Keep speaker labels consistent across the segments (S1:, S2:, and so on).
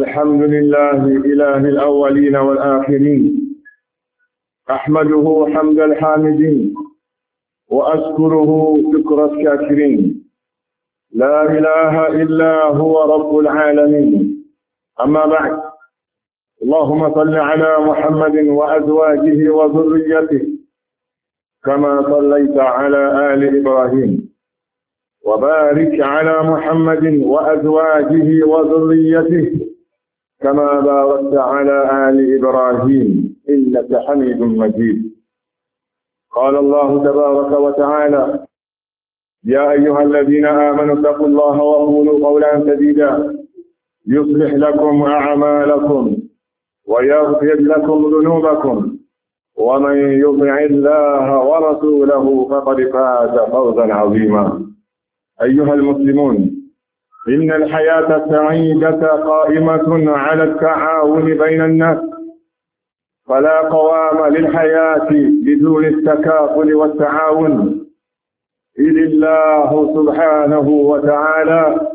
S1: الحمد لله إله الأولين والآخرين أحمده حمد الحامدين وأشكره شكر الشاكرين لا إله إلا هو رب العالمين أما بعد اللهم صل على محمد وأزواجه وذريته كما صليت على آل إبراهيم وبارك على محمد وأزواجه وذريته كما باركت على آل إبراهيم إنك حميد مجيد قال الله تبارك وتعالى يا أيها الذين آمنوا اتقوا الله وقولوا قولا سديدا يصلح لكم أعمالكم ويغفر لكم ذنوبكم ومن يطع الله ورسوله فقد فاز فوزا عظيما أيها المسلمون إن الحياة السعيدة قائمة على التعاون بين الناس فلا قوام للحياة بدون التكافل والتعاون إذ الله سبحانه وتعالى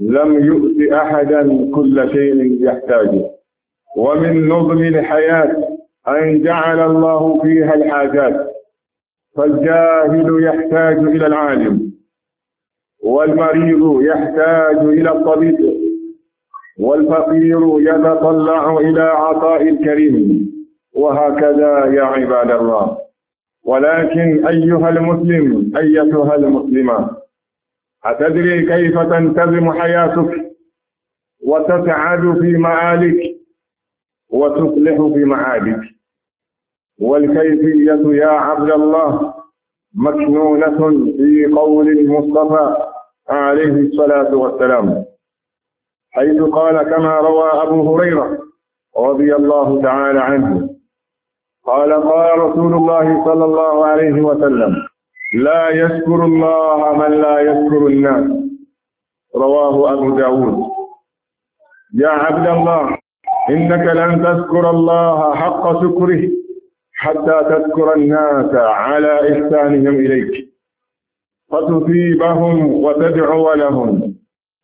S1: لم يؤت أحدا كل شيء يحتاجه ومن نظم الحياة أن جعل الله فيها الحاجات فالجاهل يحتاج إلى العالم والمريض يحتاج إلى الطبيب والفقير يتطلع إلى عطاء الكريم وهكذا يا عباد الله ولكن أيها المسلم أيتها المسلمة أتدري كيف تنتظم حياتك وتسعد في مآلك وتصلح في معادك والكيفية يا عبد الله مكنونة في قول المصطفى عليه الصلاة والسلام حيث قال كما روى أبو هريرة رضي الله تعالى عنه قال قال رسول الله صلى الله عليه وسلم لا يشكر الله من لا يشكر الناس رواه أبو داود يا عبد الله إنك لن تذكر الله حق شكره
S2: حتى تذكر
S1: الناس على إحسانهم إليك فتثيبهم وتدعو لهم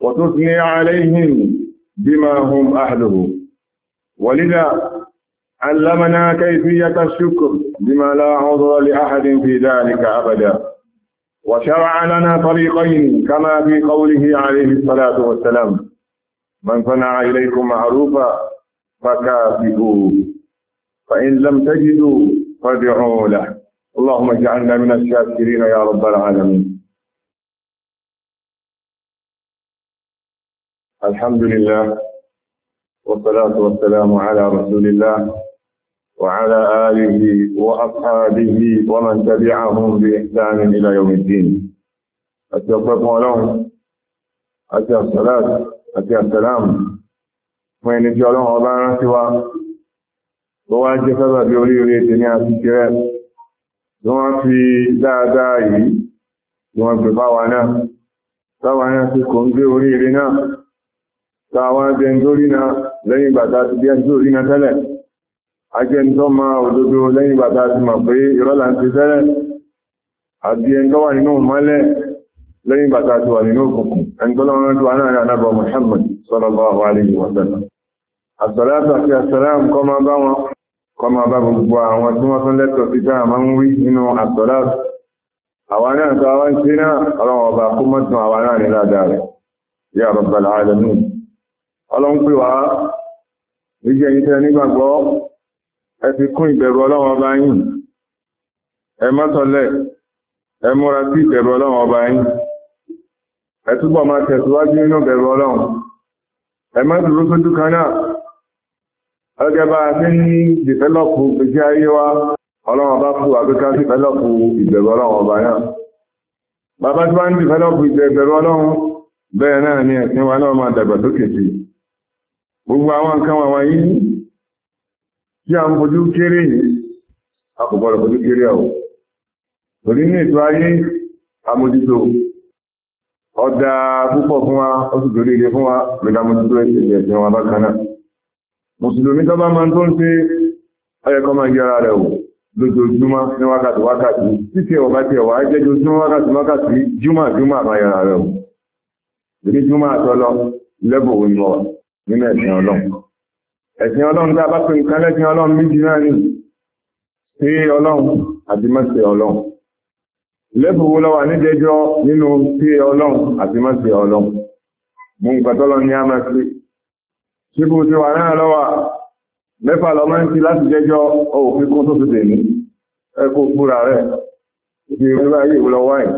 S1: وتثني عليهم بما هم أهله ولذا علمنا كيفية الشكر بما لا عذر لأحد في ذلك أبدا وشرع لنا طريقين كما في قوله عليه الصلاة والسلام من صنع إليكم معروفا فكافئوه فإن لم تجدوا فادعوا له اللهم اجعلنا من الشاكرين يا رب العالمين الحمد لله والصلاة والسلام على رسول الله وعلى آله وأصحابه ومن تبعهم بإحسان إلى يوم الدين أتوقفوا لهم أتى الصلاة أتى السلام وإن جعلهم أبانا سوى بواجه سبب يولي ريتني أسكرات ni wọ́n fi dáadáa yìí ni wọ́n fi bá wa tàwọn ajẹn tó rí na lẹ́yìn bàtà ti bí ẹni tó rí na tẹ́lẹ̀ ajẹn tó ma òdodo lẹ́yìn bàtà ti mọ̀ pé ìrọ́là ń ti tẹ́lẹ̀ àti ẹni tó wà nínú mọ́lẹ̀ lẹ́yìn bàtà ti wà nínú òkùnkùn àwọn tí àwọn náà náà ọlọ́wọ́ ọba kó mọ́tún àwọn náà ní ládàá rẹ̀ ya rabbal ọlọ́run pè wá méjì ẹ̀yin tẹ́ nígbàgbọ́ ẹ fi kún ìbẹ̀rù ọlọ́run ọba yìí ẹ mọ́tọ̀lẹ̀ ẹ múra sí ìbẹ̀rù ọlọ́run ọba yìí ẹ túbọ̀ máa tẹ̀síwájú nínú ìbẹ̀rù ọlọ́run ẹ náà wa ọlọ́run ọba fún àgbéká dìfẹ́lọ́pù ìbẹ̀rù ọlọ́run ọba ni ẹ̀sìn wa náà máa dàgbà sókè sí gbogbo àwọn nǹkan wà wáyé tí a ń fojú kéré yìí a kò gbọ́dọ̀ fojú kéré ọ̀ torí ní ètò ayé amójútó ọ̀dà púpọ̀ fún wa ó sì torí ilé fún wa lọ́dà mójútó ìṣẹ̀lẹ̀ ẹ̀sìn wa bákan náà mùsùlùmí tó bá máa tó ń ṣe ọyẹ̀kọ́ máa yẹra rẹ̀ wò lójoojúmọ́ ní wákàtí wákàtí títí ẹ̀wọ̀ bá ti ẹ̀wọ̀ ajẹ́jọjúmọ́ wákàtí wákàtí júmọ̀ júmọ̀ àmà yẹra rẹ̀ wò èmi júmọ̀ àtọ́lọ lẹ́bùn òun wa nínú ẹ̀sìn ọlọ́run ẹ̀sìn ọlọ́run tí a bá pè nǹkan lẹ́sìn ọlọ́run méjì náà ni sí ọlọ́run àti mọ́sí ọlọ́run lẹ́bùwó lọ́wà nídẹjọ́ nínú sí ọlọ́run àti mọ́sí ọlọ́run mú nǹkan tọ́lọ ní a máa sí síbú ti wà náà lọ́wà mẹ́fà lọ máa ń ti láti jẹ́jọ́ ọwọ́ kíkún tó ti dèmí ẹkọ fúra rẹ̀ ti rírá yìí lọ wáyé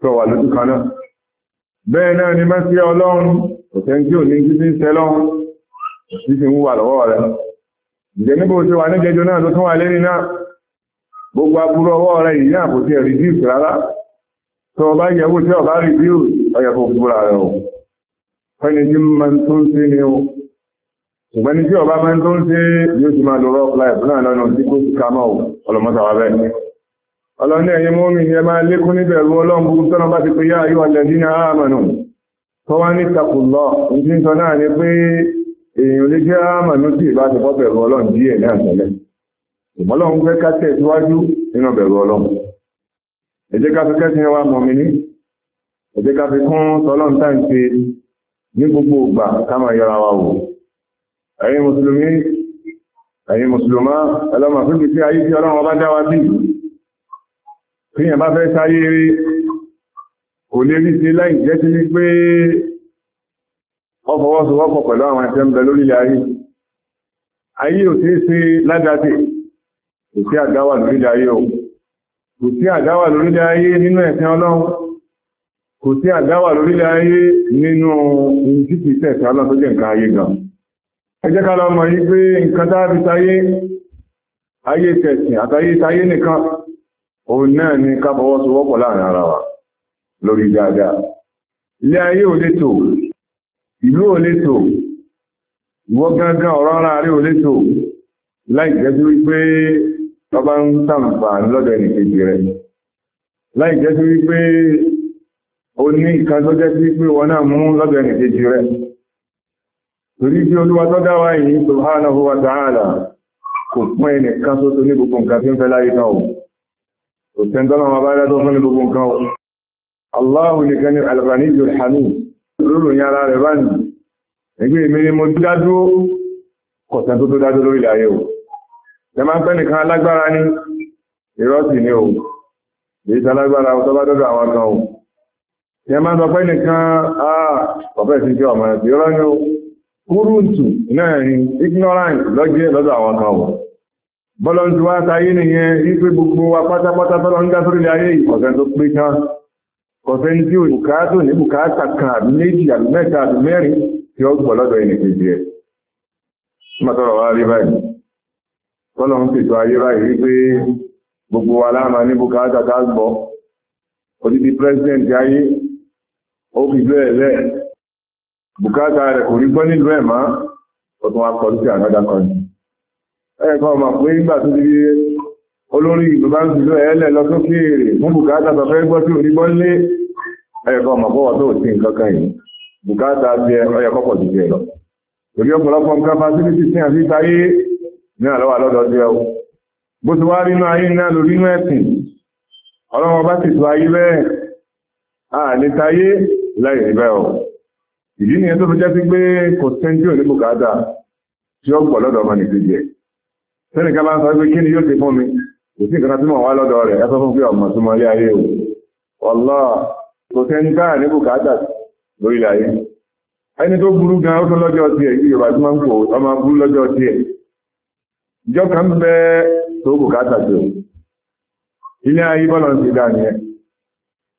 S1: tó wà lójú kan náà bẹ́ẹ̀ náà ni mọ́sí ọlọ́run òtẹ́ tí ò ní jíjí ń sẹ́lọ́ jíjí ń wà lọ́wọ́ rẹ̀ ǹjẹ́ níbo tí wà ní jẹjọ náà tó tún wà lẹ́ni náà gbogbo aburú ọwọ́ rẹ̀ yìí náà kò tiẹ̀ reduce rárá tó ọba yẹwò tí ọba reduce ọyẹ kò fúra rẹ̀ o fẹ́ni tí máa ń tún sí ni o ṣùgbọ́n ní tí ọba máa ń tún sí yóò ti máa lo rock life náà lọ́nà tí kò sí ká mọ́ o ọlọ́mọta wa bẹ́ẹ̀ ọlọ́ni ẹ̀yin mọ́mí ẹ máa lékún níbẹ̀rù ọlọ́run gbogbo tọ́nà bá ti pe yá ayé wa lẹ́dínà áàmà náà tó wá ní takùlọ ìdí ń sọ náà ni pé èèyàn lè jẹ́ àmàlú tí ìbá ti fọ́ bẹ̀rù ọlọ́run díẹ̀ náà tẹ́lẹ̀ ìmọ́lọ́run fẹ́ ká tẹ̀síwájú nínú bẹ̀rù ọlọ́run ẹ jẹ́ ká fi kẹ́sìn wa mọ̀ mi ní ẹ jẹ́ ká fi kún tọ́lọ́run tá ń ṣe ní gbogbo ìgbà ká máa yọra wa wò ẹ̀yin mùsùlùmí ẹ̀yin mùsùlùmá ẹlọ́mà fífi sí ayé tí ọlọ́run ọba dá wa bí fíyàn kò lè rí sí láì jẹ́ sí wípé ọfọwọ́sowọ́pọ̀ pẹ̀lú àwọn ẹ̀fẹ́ ń bẹ lórí ayé ayé ò tí sí ládáte kò sí àdáwà lórí ayé o kò sí àdáwà lórí ayé nínú ẹ̀sìn ọlọ́run kò sí àdáwà lórí ayé nínú ìjíkìsẹ̀ ẹ̀sìn ọlọ́run tó jẹ́ nǹkan ayé gan ẹ jẹ́ ká lọ mọ̀ yí pé lórí dáadáa ilé ayé ò létò ìlú ò létò ìwọ gángan ọ̀rọ̀ ara rí ò létò láìjẹ́ sí wípé ọba ń sàǹfà lọ́dọ̀ ẹnìkejì rẹ̀ láìjẹ́ sí wípé ó ní ìkan tó jẹ́ sí pé wọ́n náà mú lọ́dọ̀ ẹnìkejì rẹ̀ torí bí olúwa tó dáwà yìí subhanahu wa ta'ala kò pín ẹnìkan tó tó ní gbogbo nǹkan tí ń fẹ́ láyé náà ò wọn bá dá tó fún ní gbogbo nǹkan Allahu nìkan al Alìbàní Yul Hamid lórí ìyá ara rẹ̀ báyìí. Ẹgbẹ́ èmi ni mo dádúró kọ̀sán tó tó dádó o. ni o. Èyí tí alágbára ọ̀tọ́ bá dọ́dọ̀ àwọn kan o. Ṣé máa ń sọ pé nìkan ọ̀fẹ́ sí ṣe ọ̀mọ̀ ẹ̀sìn rọ́ ní o. ni wa pátápátá ń dá sórí ayé ìkọ̀sẹ̀ tó pé kọ̀fẹ́ni tí o bùkátò ní bùkátà kan àbí méjì àbí mẹ́ta àbí mẹ́rin tí ó gbọ́ lọ́dọ̀ ẹni kejì ẹ̀. mọ́tọ́rọ̀ wá rí báyìí kọ́lọ̀ ń pètò ayé báyìí wípé gbogbo wa láàmà ní bùkátà tá gbọ́ odidi president ayé ó fi bẹ́ẹ̀ bẹ́ẹ̀ bùkátà rẹ̀ kò rí gbọ́ nílùú ẹ̀ má ó tún wá kọ́ sí àgádà kan ẹ̀kọ́ ọmọ pé nígbà tó olórí ìlú bá ń fi lọ ẹ̀ẹ́lẹ̀ lọ sókèèrè fún bùkátà tó fẹ́ gbọ́ sí onígbọ́nlé ẹ̀kọ́ ọmọkọ́wọ́ tó sí nǹkan kan yìí bùkátà ti ọyẹ kọ́kọ́ ti jẹ lọ torí ọ̀pọ̀lọpọ̀ nǹkan fásitì sí àti ìtayé ní àlọ́wà lọ́dọ̀ sí ẹ bó ti wá nínú ayé náà lórí inú ẹ̀sìn ọlọ́wọ́ bá sì tó ayé bẹ́ẹ̀ à ní tayé láì rí o ìdí nìyẹn tó fi jẹ́ sí pé kò sẹ́ńtì òní bùkátà tí ó pọ̀ lọ́dọ̀ ọmọ nìkejì ẹ̀ sẹ́nìkan bá ń sọ pé kí ni yóò ti fún mi kò sí tí mọ̀ wá lọ́dọ̀ rẹ̀ ẹ fún pé ọmọ tó mọ ilé ayé o ọlọ́ kò sẹ́ni táà ní bùkátà lórí ayé ẹni tó burú gan ó tó lọ́jọ́ tiẹ̀ yìí yorùbá tí wọ́n ń kó ọmọ burú lọ́jọ́ tiẹ̀ ìjọ kan bẹ tó bùkátà tó ilé ayé bọ́lọ̀ ń ti dà nìyẹn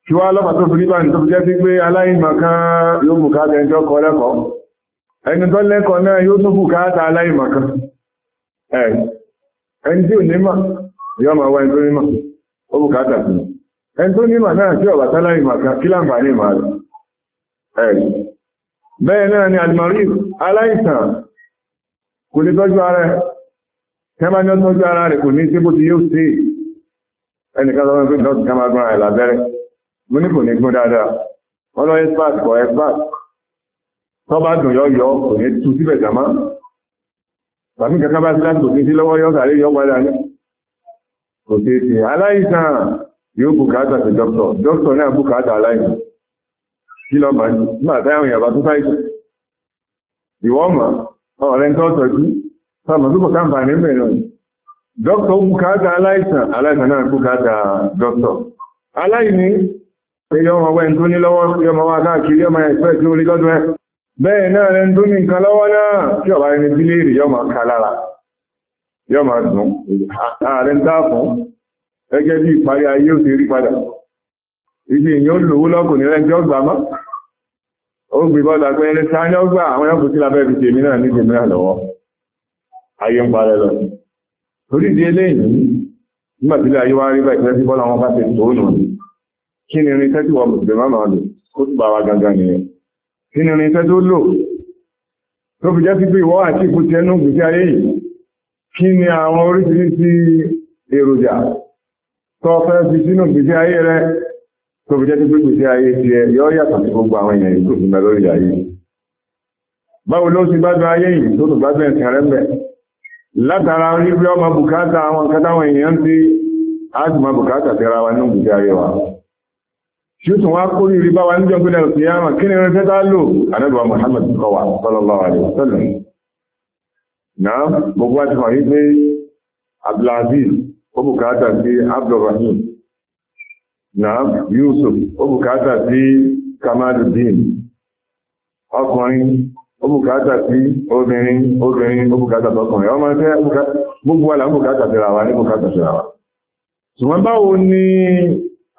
S1: kí wá lọ́pàá tó fi tó fi jẹ́ sí pé aláìmọ̀ kan yóò bùkátà ẹni tó lẹ́kọ̀ọ́ ẹni tó lẹ́kọ̀ọ́ náà yóò tún bùkátà ẹni tí ò ní yọ́ ma wá ẹni tó nímọ̀ ó bù káàtà sí ẹni tó nímọ̀ náà sí ọ̀bà tálá ìmọ̀ kan kí láǹbà ní ìmọ̀ rẹ̀ ẹ̀rì bẹ́ẹ̀ náà ni alimari aláìsàn kò ní tọ́jú ara ẹ̀ kẹ́mà ní ó tọ́jú ara rẹ̀ kò ní sí bó ti yóò sí ẹnìkan lọ́wọ́ pé dọ́ọ̀tì kẹ́mà gbọ́n rẹ̀ lábẹ́rẹ́ mo ní kò ní gún dáadáa wọ́n lọ expert kọ expert tọ́ kò tí tí aláìsàn yóò bùkátà sí dọ́kítọ̀ dọ́kítọ̀ náà bùkátà aláìsàn kí lọ bá nígbà táwọn èèyàn bá tó sáìsàn ìwọ́ mọ̀ ọ̀rẹ́ tó tọ́jú sáàmà tó bọ̀ká nǹkan ní mẹ́rin dọ́kítọ̀ bùkátà aláìsàn aláìsàn náà bùkátà dọ́kítọ̀ aláìní pé yọmọ wẹ́ tó ní lọ́wọ́ yọmọ wá káàkiri yọmọ ẹ̀fẹ́ tí ó rí lọ́dún ẹ̀ bẹ́ẹ̀ náà rẹ̀ tó ní nǹkan lọ́wọ́ náà tí ọ̀bá ẹni bí léèrè yọmọ ká lára yọ́ máa dùn ààrẹ ń dáa fún ẹgẹ́ bí ìparí ayé ò ti rí padà ibi èèyàn lòó lọ́kùn ní ẹgbẹ́ ọgbà mọ́ ó gbé bọ́dà pé ẹni sáà ní ọgbà àwọn ẹkùn sí labẹ́ ibi tèmi náà níbi mìíràn lọ́wọ́ ayé ń parẹ́ lọ torí di eléyìí nígbà tí ayé wá rí bá ìpínlẹ̀ tí bọ́lá wọn bá ti tó nù kí ni irinṣẹ́ tí wọ́n mùsùlùmí máa máa lò ó ti bá wa gangan nìyẹn kí ni irinṣẹ́ tó lò tó fi jẹ́ sí pé ìwọ́ àti kí ni àwọn oríṣiríṣi èròjà tó fẹ́ fi sínú gbèsè ayé rẹ tó fi jẹ́ tí gbèsè ayé ti ẹ yọ́ yàtọ̀ sí gbogbo àwọn èèyàn ìlú òfin lórí ayé báwo ló sì gbádùn ayé yìí tó tó gbádùn ẹ̀sìn rẹ̀ mẹ́ látara rírí ọmọ bùkátà àwọn nǹkan èèyàn ti áàtì bùkátà sí ara wa nínú gbèsè ayé wa tí ó tún wá kó rí bá wa níjọ́ gbé lẹ́rù sí yáma kí ni rẹ̀ fẹ́ tá lò àdẹ́gbà Muhammad kọwà sallallahu alaihi wasallam náà gbogbo àti wà wípé Abdulaziz ó bùkátà sí Abdulrahim náà Yusuf ó bùkátà sí Kamaluddin ọkùnrin ó bùkátà sí obìnrin obìnrin ó bùkátà tọkùnrin ọmọ ẹgbẹ́ gbogbo àlà ń bùkátà síra wa ní bùkátà síra wa ṣùgbọ́n báwo ni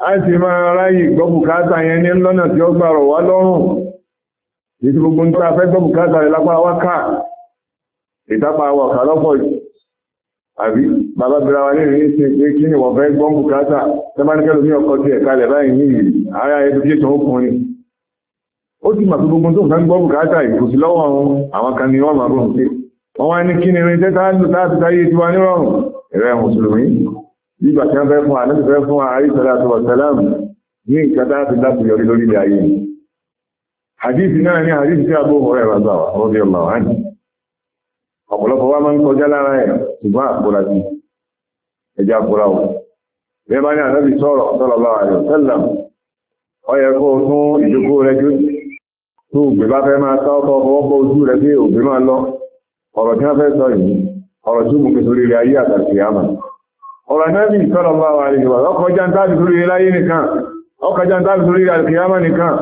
S1: a ti máa ráyè gbọ́ bùkátà yẹn ní lọ́nà tí ó gbàrọ̀ wá lọ́rùn ètò ń ta fẹ́ gbọ́ rẹ̀ lápá wákàá ìtàpá àwọn ọ̀kà lọ́pọ̀ yìí àbí bàbá bẹ̀rẹ̀ wa nínú ní ṣe pé kí ni wọ́n fẹ́ gbọ́n bùkátà tẹ́mánikẹ́lò ní ọkọ̀ ti ẹ̀ka lẹ̀ báyìí ní ìlú ara education ó kùnrin ó ti mà gbogbo tó fẹ́ gbọ́n bùkátà ìkùsí lọ́wọ́ àwọn kan ni wọ́n máa bọ̀ sí wọ́n wá ní kí ni irin tẹ́ta lò láti táyé ti wa nírọ̀rùn ẹ̀rẹ́ mùsùlùmí tí a bó ọ̀rẹ́ rà bá wa ọ̀rẹ́ ọ̀làwọ̀ ánì ọ̀pọ̀lọpọ̀ wá máa ń kọjá lára ẹ̀ ṣùgbọ́n àpòrà sí ẹja àpòrà ò bẹ́ẹ̀ bá ní ànábì sọ̀rọ̀ sọ̀rọ̀ lọ́wọ́ àyọ̀ sẹ́lẹ̀ ọ yẹ kó tún ìjókòó rẹ jú tó ògbé bá fẹ́ máa tọ́ ọkọ̀ ọwọ́ bọ́ ojú rẹ pé ògbé máa lọ ọ̀rọ̀ tí wọ́n fẹ́ sọ yìí ọ̀rọ̀ tí mo fi sórí rẹ ayé àtàkì àmà ọ̀rọ̀ ànábì sọ̀rọ̀ lọ́wọ́ àyọ̀ ọkọ̀ jáńtà fi sórí rẹ láyé nìkan ọkọ̀ jáńtà fi sórí rẹ àtàkì àmà nìkan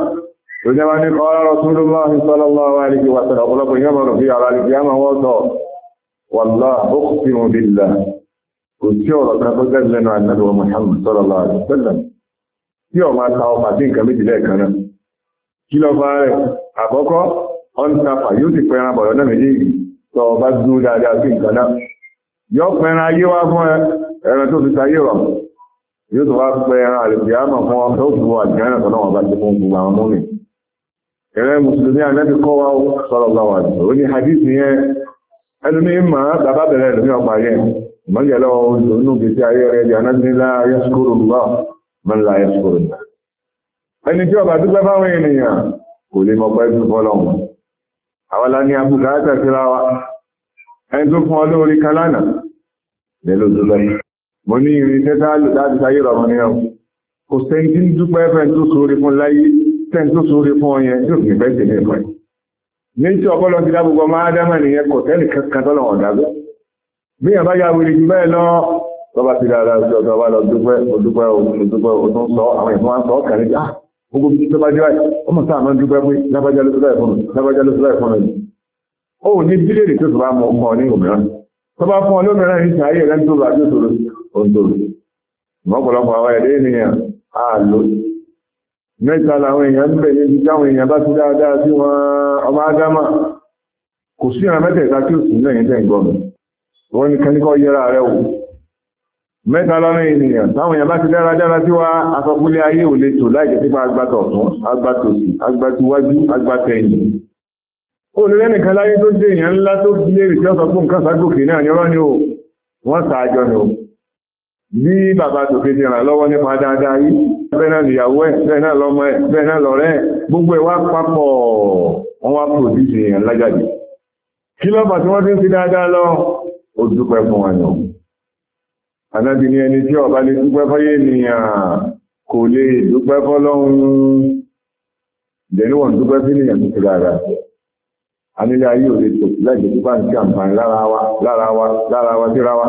S1: ìjọba ní kọ́lá Rasulullahi sallallahu alaihi wa sallam ọ̀pọ̀lọpọ̀ ìyọ́mọ̀ rọ̀ bí ara alìkì àmà wọ́n sọ wàlá ókùsí wọn bí là kò tí ọ̀rọ̀ kan tó jẹ́ lẹ́nu ànábì wa Muhammad sallallahu alaihi wa sallam máa ta ọmọ kí lọ bá rẹ̀ àkọ́kọ́ ọ̀ntàfà yóò ti pẹran bọ̀rọ̀ náà méjì tọ ọba dúró sí nǹkan náà yóò pẹran ayé wá ẹ̀rẹ́ mùsùlùmí ànábì kọ́ wa sọ́rọ̀ lọ́wọ́ àti ó ní hadith yẹn ẹnu ní ma bàbá bẹ̀rẹ̀ ẹ̀lú ní ọpa yẹn mọ́jẹ̀lọ́ oúnjẹ gbèsè ayé rẹ̀ di anábìnilá yẹ́sùkúrò lọ́ mọ́lá yẹ́sùkúrò lọ́ ẹni tí ọba dúpẹ́ báwọn ènìyàn kò lè mọ̀ pẹ́ fún fọ́lọ́wọ́ àwọn lá ní abúlé àtàkìlá wa ẹni tó fún ọlọ́rin kan lánàá lẹ́lọ́ tó lọ mo ní irin tẹ́tà láti sáyé rọ̀ mọ́ nínú kò sẹ́ńtì dúpẹ́ fẹ́ tó sórí fún láyé tẹ́ni tó sóre fún ọyẹn yóò fi fẹ́ tẹ̀lé ẹ̀kọ́ ẹ̀ ní tí ọpọlọ ti dábùgbọ máa dámà nìyẹn kò tẹ́lì kankan tọ́lọ̀ ọ̀dágbé bí yàn bá ya wèrè jù bẹ́ẹ̀ lọ tọba ti dára ọjọ́ bá lọ dúpẹ́ òdúpẹ́ òdúpẹ́ òtún sọ àwọn ìfún wa ń sọ kàrí ah gbogbo bí tó bá jẹ́ báyìí ọmọ sáà máa ń dúpẹ́ pé lábájá ló sọ́dọ̀ ìfún lábájá ló sọ́dọ̀ ìfún rẹ̀ ó ní bílẹ̀rì tó bá mọ ọkọ ní òmíràn tó bá fún ọ lómìnira ní sàáyé rẹ̀ mẹ́ta làwọn èèyàn ń bẹ̀ níbi táwọn èèyàn bá ti dáadáa sí wọn ọmọ ádámà kò sí àwọn mẹ́tẹ̀ẹ̀ta tí ò sí lẹ́yìn tẹ́ ìgbọ́mù wọ́n ní kẹ́níkọ́ yẹra rẹ̀ wò mẹ́ta lọ́nà ènìyàn táwọn èèyàn bá ti dára dára sí wa asọ́kúnlé ayé ò lè tò láìjẹ́ pípa agbátọ̀ ọ̀tún agbátòsí agbátiwájú agbátẹ̀yìn ó lè lẹ́nìkan láyé tó dé èèyàn ńlá tó bí lérì tí ó sọ fún nǹkan ságòkè náà ní ọ̀rọ̀ ni ó wọ́n sàájọ́ ni ó bí bàbá tòkè ti ràn lọ́wọ́ nípa dáadáa yìí bẹ́ẹ̀ náà lìyàwó ẹ̀ bẹ́ẹ̀ náà lọ́mọ ẹ̀ bẹ́ẹ̀ náà lọ́rẹ́ ẹ̀ gbogbo ẹ̀ wá papọ̀ wọ́n wá pòdìsì èèyàn lájàdì kí lọ́bà tí wọ́n ti ń fi dáadáa lọ ó dúpẹ́ fún wọn nù àdájú ní ẹni tí ọba lè dúpẹ́ fọ́yé ènìyàn kò lè dúpẹ́ fọ́lọ́run ìdẹ̀níwọ̀n dúpẹ́ sí ènìyàn tó ti dáadáa anílé ayé ò lè tò láì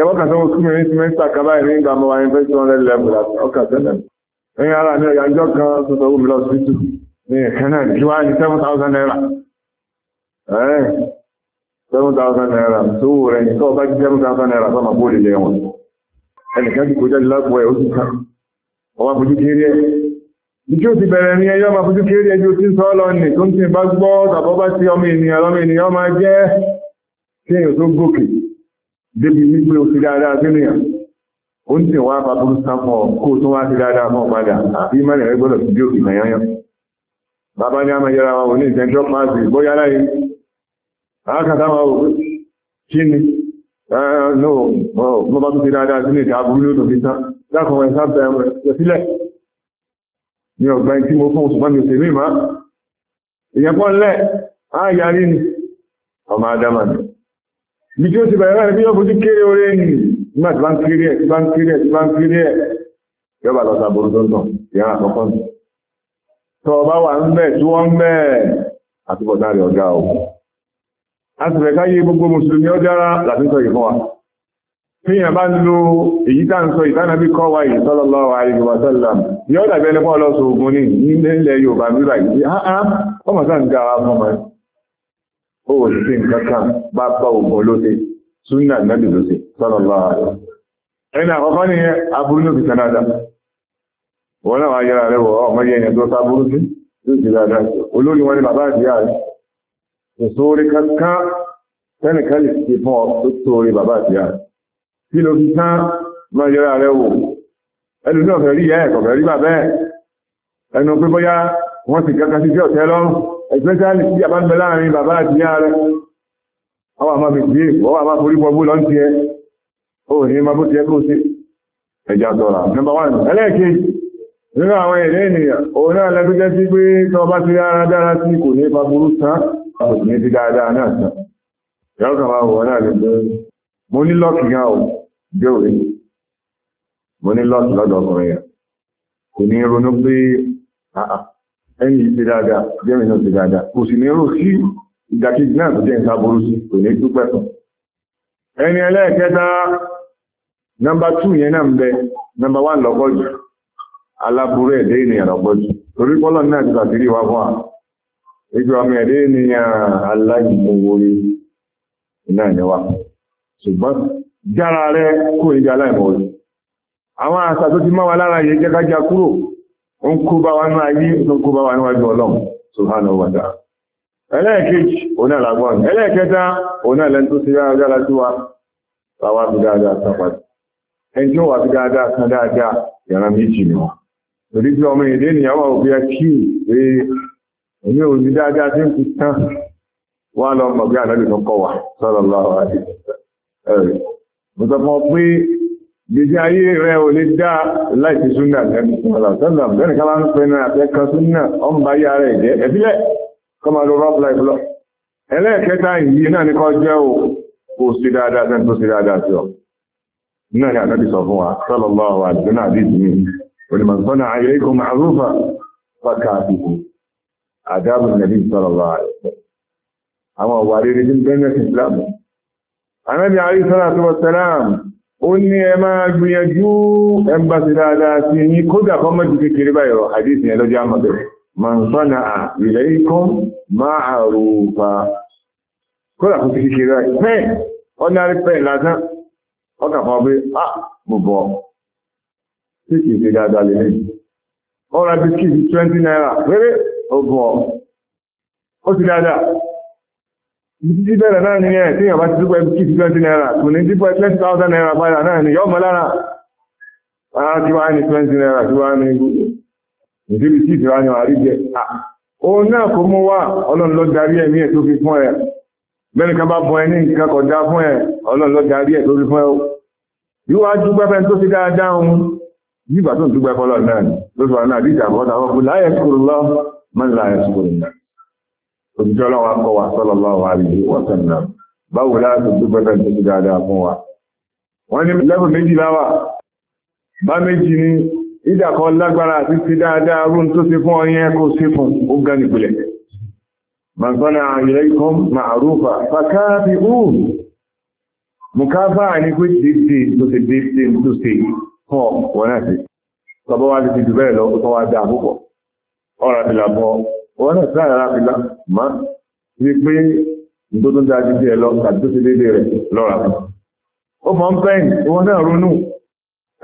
S1: ẹwọ́ kàtọ́ mo kúmọ̀ ní símẹ́ńtà kaba ìní ìgbà mọ́ wa ẹgbẹ́ tí wọ́n lẹ́ lẹ́mù láti ọkà tẹ́lẹ̀ ẹ̀yìn ara ní ọ̀yà ìjọ kan tó sọ wù mí lọ sí tù ní ẹ̀kẹ́ náà kí wá ní seven thousand naira ẹ̀ seven thousand naira tó wù rẹ̀ tó ọba jí seven thousand naira tó máa bóòlì lé wọn ẹnìkan ti kò jáde lápò ẹ̀ ó sì ká ọba fojú kéré ẹ̀ ìjó ti bẹ̀rẹ̀ ní ẹjọ́ máa fojú kéré ẹjọ́ tí ń sọ lọ nì tó ń tì bá gbọ́ tàbọ́ bá ti ọmọ ènìyàn lọ́mọ ènìyàn máa jẹ́ kéèyàn tó gòkè débi wípé o ti dáadáa sínú yàn ó ń tẹ̀ wá pàbúrú sáfọ̀ kó tó wá sí dáadáa mọ́ padà àbí mẹ́rin rẹ̀ gbọ́dọ̀ sí bí òfin àyányán bàbá ní àmà yẹra wọn ní ìtẹ́jọ́ pàṣẹ bóyá láyé àákàtà máa wò kí ni ah, mo bá tún ti dáadáa sínú ìdá aburú ní òtòfin tán lákọ̀ọ́ ẹ̀ sábẹ̀ ẹ̀ sílẹ̀ ní ọ̀gbà tí mo fún oṣù mọ́mí òṣèlú ìmá ìyẹ̀pọ̀ ńlẹ̀ á yarí ni ọmọ adámà bí tí ó ti bẹ̀rẹ̀ bí yóò fojú kéré orí ẹni nígbà tí bá ń kéré ẹ̀ tí bá ń kéré ẹ̀ tí bá ń kéré ẹ̀ yóò bá lọ sàbòrò tọ́ntọ̀ ìyára àkọ́kọ́ nù tọ́ ọba wà ń bẹ̀ tí wọ́n ń bẹ̀ àtúbọ̀tán rẹ̀ ọ̀gá o a sì fẹ́ káyé gbogbo mùsùlùmí ó dára láti sọ yìí fún wa fíyàn bá ń lo èyí tá ń sọ ìtànàbí kọ́ wa yìí sallallahu alaihi wa yóò dàbí ẹni pọ́ lọ sọ ní ilẹ̀ Yorùbá nígbà yìí ọmọ sáà ń ga ọmọ ẹ̀ ó wò sí bàbá ògbọ̀n ló ṣe súnà nàbì ló ṣe sallallahu alaihi ẹni àkọ́kọ́ ní aburú ló fi kan dáadáa wọ́n náà ayára rẹ̀ wọ́ ọmọ yẹn yẹn tó sáburú sí yóò ṣe dáadáa olórí wọn ni bàbá àdìyà rẹ̀ èso orí kankan tẹ́nìkan lè ṣe fún ọ tó tó orí bàbá àdìyà rẹ̀ especially tí a bá ń bẹ ọwà máa fi gbé ọwà máa forí gbogbo lọ sí ẹ ó ní ma bó ti ẹ kó sí ẹjà tọ́ra nọmba wán ẹlẹ́ẹ̀kì nínú àwọn ẹ̀rẹ́ ènìyàn òun náà lẹ́bí jẹ́ sí pé tí wọ́n bá ti rárá dára sí kò ní ipa burú tán kò ní ti dáadáa náà tán ìyá ọkàn máa wọ̀ náà lè gbé mo ní lọ́ọ̀kì gan o gbé òwe mo ní lọ́ọ̀kì lọ́dọ̀ ọkùnrin ìdàkejì náà tó jẹ́ ìsàbòrò sí kò ní dúpẹ́ fún ẹni ẹlẹ́ẹ̀kẹta nọmba 2 yẹn náà ń bẹ nọmba 1 lọ́pọ̀ jù aláburú ẹ̀dẹ́ ènìyàn lọ́pọ̀ jù torí pọ́lọ̀ náà ti tàbírí wá fún ni wá ṣùgbọ́n jára rẹ kò ní jẹ́ aláìmọ̀wòrí àwọn àṣà tó ti máa wà lára yìí jẹ́ kájá kúrò ó ń kó bá wa ní ayé ń kó bá wa níwájú ọlọ́run subhanahu wa ta'ala ẹlẹ́ẹ̀kejì ọ̀nà làgbọ́n ẹlẹ́ẹ̀kẹta ọ̀nà lẹ́n tó ti dáadáa tí wá láwá fi dáadáa sápadà ẹni tí ó wà fi dáadáa kan dáadáa yàrá méjì ni wọ́n torí tí ọmọ èdè nìyàwó òbí ẹkí pé èmi ò ní dáadáa tí ń fi tán wá lọ mọ̀ bí tó kọ̀ sọ́rọ̀ àti ẹ̀rẹ̀ mo sọ fún ọ pé gbèsè ayé rẹ ò lè dá láìsí súnà lẹ́nu ká bá ń pẹ́ náà súnà ọmọ kọmọ lọ rough life lọ ẹlẹ́ẹ̀kẹta yìí náà ní kọ́ jẹ́ ò kò sí dáadáa sẹ́ni tó sí dáadáa sí ọ náà ni àtàbí sọ fún wa sallallahu alaihi wa sallam onímọ̀ sọ́nà ilaykum ma'rufa fàkà àbùkù àdábùn nàbí sallallahu alaihi wa sallam àwọn ọ̀wà rere ní bẹ́ẹ̀nẹ̀sì ìsìlámù anábì àríṣọ́lá tó ó ní ẹ máa gbìyànjú ẹmbàsí dáadáa sí ní kódà kọ́mọ́jù kékeré báyọ̀ àdíṣìn ẹlọ́jọ́ àmọ̀bẹ̀rẹ̀ man sana ilaykum ma'rufa kódà fún ti kí ṣeré ẹ̀ pẹ́ ọ̀nàrí pẹ́ lásán ọkà fún ọgbẹ́ à bùbọ̀ tí kìí ṣe dáadáa lè ní ọ̀rọ̀ àti kìí ṣe twenty naira péré ọgbọ̀ ó ti dáadáa títí bẹ̀rẹ̀ náà ní ẹ̀ tí èèyàn bá ti dúpọ̀ kìí ṣe twenty naira kò ní dípọ̀ twenty thousand naira padà náà ní yọ́mọ lára ara tí wàá ní twenty naira tí wàá ní gbogbo ìdíbi tí ìtura ni àrí jẹ òun náà kò mú wá ọlọ́run ló darí ẹ̀mí ẹ̀ tó fi fún ẹ̀ bẹ́ẹ̀ni ká bá bọ́n ẹni nǹkan kọjá fún ẹ̀ ọlọ́run ló darí ẹ̀ tó fi fún ẹ̀ yóò wá dúpẹ́ fẹ́ tó fi dáadáa ohun yígbà tó ń dúpẹ́ fọ́lọ́ náà ni ló sọ náà díjà bọ́ta wọn kò láyẹ̀ sùkúrù lọ mọ́n láyẹ̀ sùkúrù náà òjijì ọlọ́run akọ wa sọ́lọ́ lọ́wọ́ àríyé wọ́sàn náà báwo láti dúpẹ́ fẹ́ tó fi dáadáa fún wa wọ́n ní lẹ́bùn méjì láwà bá méjì ní ìdàkọ̀ lágbára àti ti dáadáa rún tó ti fún ọyẹ́ kó sí fún ó gán ìpìlẹ̀. Màgbọ́nà ilaykum ma'rufa, fàkáàbí òun. Mùkábà ní pé dédé tó ti dédé tó ti fún ọ̀pọ̀ náà sí. Sọ̀bọ́ wá ti jù bẹ́ẹ̀ lọ tó wá dáa púpọ̀. Ọ̀rọ̀ àti làbọ̀, wọ́n náà sí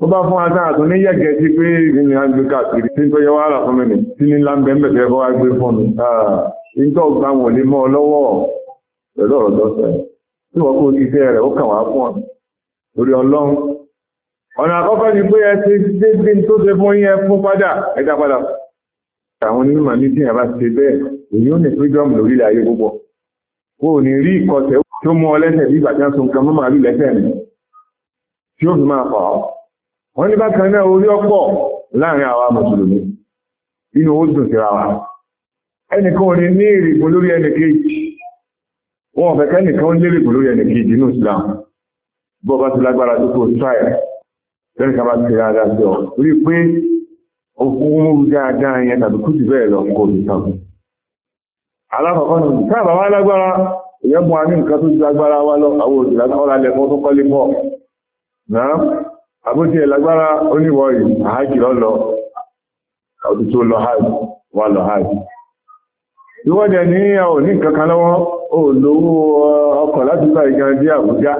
S1: ó bá fún agbára tó ní yẹ̀gẹ̀ sí pé ìrìnlẹ̀ àgbẹ̀ káàkiri tí tó yẹ wá rà fún mi nì tí ní láńbẹ̀ ń bẹ̀rẹ̀ bọ́ wá gbé fún mi nígbà ah, ọgbà wọn lè mọ́ ọ lọ́wọ́ pẹ̀lú ọ̀rọ̀ dọ́sẹ̀ tí wọ́n kó iṣẹ́ rẹ̀ ó kàn wá fún ọ lórí ọlọ́run ọ̀nà àkọ́kọ́ ni pé ẹ ti dédé tó ṣe fún yín ẹ fún padà ẹ dá padà àwọn onímọ̀ ní tí o ò ní rí ìkọsẹ̀ tó mú ọ bí ìgbà tí wọ́n so nǹkan mọ́ màálù lẹ́sẹ̀ mi tí ó fi máa fà wọ́n ní bákan náà orí ọ̀pọ̀ láàrin àwa mùsùlùmí inú ó dùn síra wa ẹnìkan ò ní ní ìrìgùn lórí ẹnìkejì wọn ọ̀fẹ́ kẹ́nìkan ń lérìgùn lórí ẹnìkejì inú Islam bọ́ bá ti lágbára tó kó sáì lẹ́nìkan bá ti ra dáadáa jọ rí pé ohun dáadáa yẹn tàbí kú ti bẹ́ẹ̀ lọ kó ní àbútí ẹ̀lágbára oníwọ̀nyí àhájì lọ́lọ ọdún tó lọ hajj wà lọ hajj ìwọ́dẹ̀ ní ọ̀ ní kankan lọ́wọ́ ó lówó uh, ọkọ̀ láti bá ìgan dé Àbújá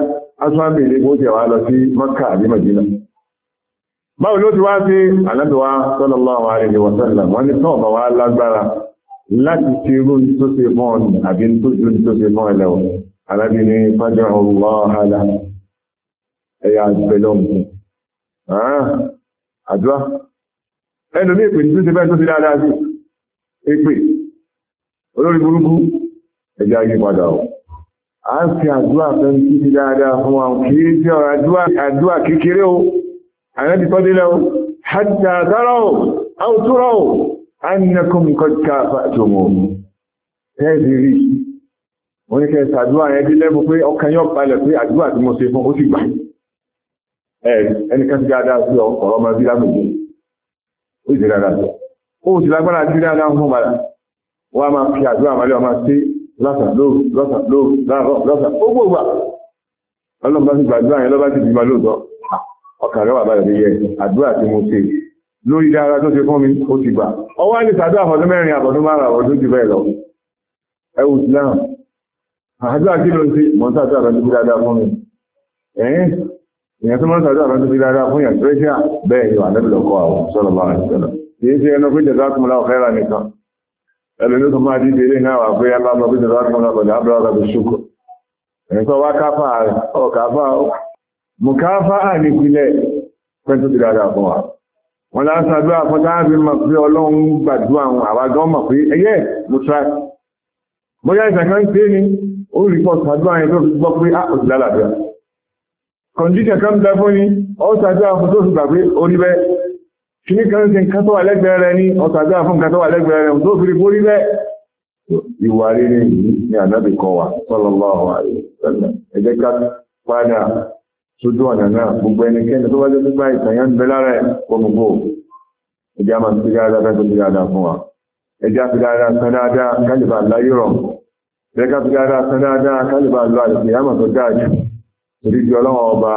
S1: asúnmí bó jẹ̀ lọ sí Mọ́kà àbí báwo ló ti wá sí sallallahu alaihi Ah, àdúrà ẹnu ní èpè tó ti fẹ́ tó ti dáadáa sí èpè olórí burúkú ẹjá yí padà ọ̀ a ń fi àdúrà fẹ́ tí ti dáadáa fún wa kìí tí ọ̀rọ̀ àdúrà kékeré o àyẹ́bí tọ́ délẹ̀ o hajjá dára o áwùtúrọ̀ o a ń nẹ́kùn kọjá fàtòmò ẹ̀ẹ́dì ẹnìkan ti dáadáa sí ọ̀rọ̀ ọmọ bílá méjì ó sì dáadáa sí ó sì lágbára sí dáadáa fún padà wọ́n a máa fi àdúrà àmàlẹ́ ọmọ sí lọ́sàlóòrù lọ́sàlóòrù lọ́sà ó gbòògbà ọlọ́mọ sì gbàdúrà yẹn lọ́bá ti bímọ lóòótọ́ ọkàn rẹ̀ wà báyọ̀ ní yẹ àdúrà tí mo ṣe lórí dáadáa tó ṣe fún mi ó ti gbà ọwọ́ ní sàdúrà ọdún mẹ́rin àbọ̀dún márùn àbọ̀dún jù bẹ́ẹ̀ lọ ẹwù Islam àdúrà kí ló ń ṣe mọ́tàdúrà lọ́dún dáadáa fún mi èèyàn tó máa ń sàdúrà lọ́n tó fi dáadáa fún yàn tírẹ́ṣíà bẹ́ẹ̀ yóò àdẹ́bìlọ̀ kọ́ àwọn sọ́lọ̀ bá wọn sọ́lọ̀ kì í ṣe ẹnu pé jẹ̀dá kùmọ̀lá ọ̀fẹ́ra nìkan ẹlẹ́ni tó máa dìde ilé náà wà pé aláàmọ́ pé jẹ̀dá kùmọ̀lá ọ̀dọ̀ abúlọ́dọ̀ tó ṣùkò ẹ̀yìn tó wá káfà ọ̀káfà mùkáfà nípìnlẹ̀ pẹ́ntó ti dáadáa fún wa wọn lá ń sàdúrà fún táàbí mọ̀ pé ọlọ́run gbàdúrà àwọn a mọ̀ pé ẹyẹ mo tra bóyá ìsàkán ṣe ni ó rí pọ̀ sàdúrà yẹn tó fi gbọ́ pé ah, á òsì kọ̀ndíṣẹ̀ kan bẹ fún ní ọ́sàdé àfún tó sùgbà pé orí bẹ́ kí ní kan sí nǹkan tó wà lẹ́gbẹ̀ẹ́ rẹ ní ọ̀sàdé àfún nǹkan tó wà lẹ́gbẹ̀ẹ́ rẹ tó fi borí bẹ́ ìwà rere ní ànábì wà sallallahu alaihi wasallam ẹ jẹ́ ká padà sójú ọ̀nà náà gbogbo ẹnikẹ́ni tó wájú nígbà ìtàn yẹn ń bẹ lára ẹ̀ gbogbo ẹjẹ́ a máa ń fi dáadáa fẹ́ tó fi dáadáa fún wa ẹjẹ́ a fi dáadáa san ká fi oríṣi ọlọ́run ọba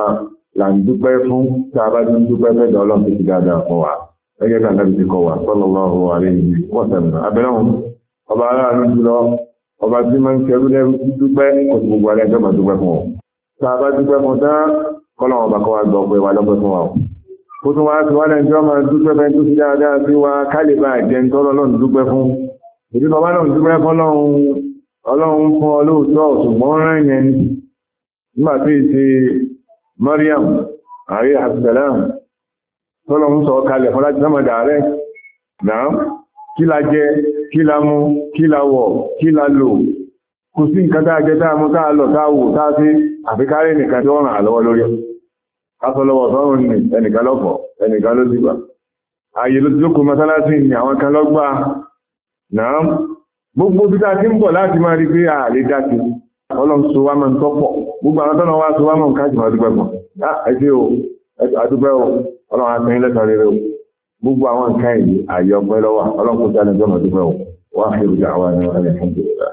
S1: là ń dúpẹ́ fún tá a bá ti ń dúpẹ́ fẹ́dọ̀ ọlọ́run tó ti dáadáa fún wa gẹ́gẹ́ bí àtàbí ti kọ wà sallallahu alaihi wa sallam abẹ́lẹ́hùn ọba aláàánú jùlọ ọba tí máa ń kẹrú lẹ́rú dúpẹ́ kò sí gbogbo alẹ́ ẹgbẹ́ máa dúpẹ́ fún ọ tá a bá dúpẹ́ fún tá kọ́lọ́run ọba kọ́ wa gbọ́ pé wa lọ́pẹ́ fún wa o kó tún wá sí wálẹ̀ tí wọ́n máa dúpẹ́ fẹ́ tó ti dáadáa sí wa kálí bá jẹ́ ń tọ́lọ́ lọ́nà dúpẹ́ fún ìdílọ́wọ́ lọ́nà dúpẹ́ fún ọlọ́run ọlọ́run fún ọlọ́ọ̀tọ́ ṣùgbọ́n rẹ̀ yẹn ni nígbà tí ṣe Maryam àrí àtìsẹ̀lẹ́m tọ́lọ ń sọ kalẹ̀ fún láti sọ́mọ̀dà rẹ̀ náà kí la jẹ kí la mú kí la wọ̀ kí la lò kò sí nǹkan tá jẹ táa mú táa lọ táa wò táa sí àfikárẹ́ nìkan tí wọ́n ràn lọ́wọ́ lórí gbogbo bí táa ti ń bọ̀ láti máa rí pé àà dá sí ọlọ́run tó wá máa ń tọ́pọ̀ gbogbo àwọn tọ́nà wá tó wá máa ń kájùmọ̀ àdúgbẹ́gbọ̀n ẹgbẹ́ o àdúgbẹ́ o ọlọ́run akẹ́yìn lẹ́sàn rere o gbogbo àwọn nǹkan yìí àyè ọpẹ́ lọ́wọ́ ọlọ́run kó sáré jọmọ̀ àdúgbẹ́ o wá